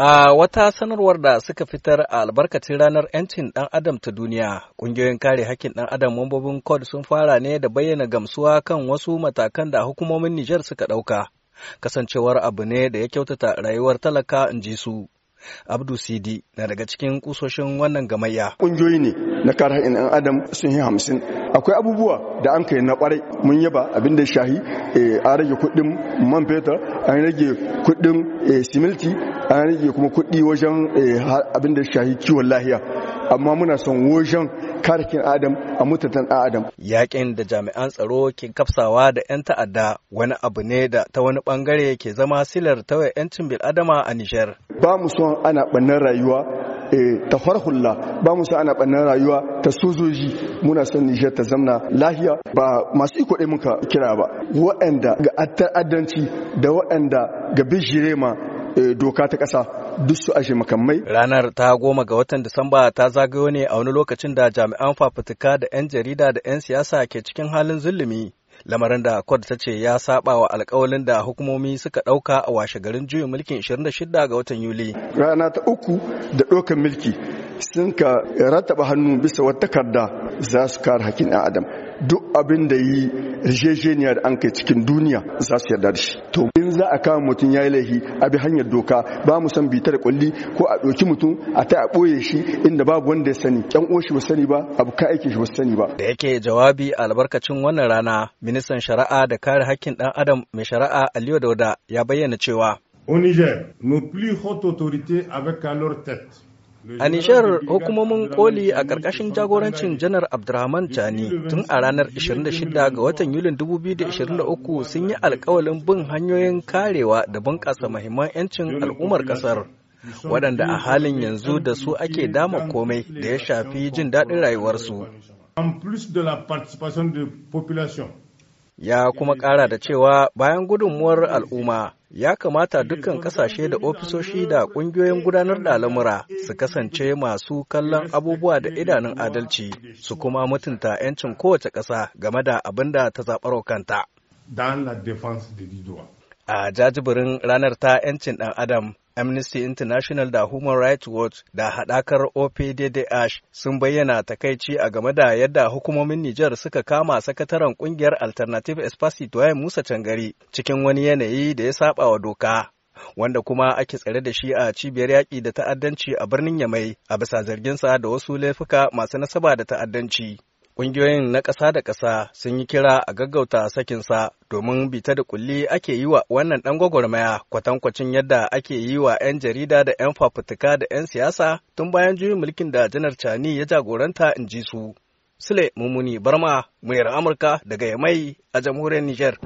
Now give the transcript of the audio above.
A wata sanarwar da suka fitar a albarkacin ranar 'yancin ɗan adam ta duniya, ƙungiyoyin kare hakkin ɗan adam mambobin KOD sun fara ne da bayyana gamsuwa kan wasu matakan da hukumomin Nijar suka ɗauka, kasancewar abu ne da ya kyautata rayuwar talaka in ji su. Abdu Sidi na daga cikin kusoshin wannan gamayya. Kungiyoyi ne na kare haƙƙin ɗan adam sun yi hamsin. Akwai abubuwa da an kai na ƙwarai mun yaba abin da shahi eh, a rage kuɗin man fetur an rage kuɗin eh, similti an rage kuma kuɗi wajen eh, abin da shahi kiwon lahiya. amma muna son wajen karkin adam a mutuntan adam yakin da jami'an tsaro ke kafsawa da 'yan ta'adda wani abu ne da ta wani bangare ke zama silar tauye 'yancin bil'adama a nijar ba mu son ana bannan rayuwa eh, ta farhulla ba mu son ana bannan rayuwa ta sojoji muna son nijar ta zamna lahiya ba masu iko muka kira ba Wa'anda ga ta'addanci da wa'anda ga bijirema Eh, doka ta ƙasa duk su ashe makamai. Ranar ta goma ga watan Disamba ta zagayo ne a wani lokacin da jami'an fafutuka da 'yan jarida da 'yan siyasa ke cikin halin zulumi. Lamarin da kwad ta ce ya saba wa alkawalin da hukumomi suka ɗauka a washe garin juyin mulkin 26 ga watan Yuli. Rana ta uku da ɗaukar mulki sun ka rattaba hannu bisa wata takarda za su kare hakkin 'yan adam. Duk abin da yi rishesheniya da an kai cikin duniya za su yarda da shi to in za a kama mutum ya yi laifi a bi hanyar doka ba mu san bitar kulli ko a ɗauki mutum a ta a ɓoye shi inda babu wanda ya sani ƴan uwan shi ba sani ba abu ka aike shi ba sani ba da yake jawabi a albarkacin wannan rana ministan shari'a da kare haƙƙin ɗan adam mai shari'a Aliyu Dauda ya bayyana cewa Au Niger, nos plus hautes autorités avec à leur tête A Nijar hukumomin koli a ƙarƙashin jagorancin janar Abdurrahman Jani tun a ranar 26 ga watan Yulin 2023 sun yi alkawalin bin hanyoyin karewa da bunƙasa mahimman 'yancin al'ummar ƙasar. waɗanda a halin yanzu da su ake dama komai da ya shafi jin daɗin rayuwarsu. Ya kuma ƙara da cewa bayan gudunmuwar al'umma ya kamata dukkan kasashe da ofisoshi da ƙungiyoyin gudanar da alamura su kasance masu kallon abubuwa da idanun adalci su kuma mutunta 'yancin kowace ƙasa game da abin da ta zaɓar kanta. A jajibirin ranar ta 'yancin ɗan Adam Amnesty International da Human Rights Watch da haɗakar OPDDH sun bayyana takaici a game da yadda hukumomin Nijar suka kama sakataren ƙungiyar Alternative Espacito Musa Cangari cikin wani yanayi da ya saba wa doka. wanda kuma ake tsare da shi a cibiyar yaƙi da ta'addanci a birnin Yamai a bisa zarginsa da wasu laifuka masu nasaba da ta'addanci. Ƙungiyoyin na ƙasa da ƙasa sun yi kira a gaggauta sakinsa domin bita da kulli ake yi wa wannan ɗan gwagwarmaya kwatankwacin yadda ake yi wa 'yan jarida da 'yan fafutuka da 'yan siyasa tun bayan juyin mulkin da janar Cani ya jagoranta in ji su. Sule Mumuni Barma, muryar Amurka daga Yamai a jamhuriyar Nijar.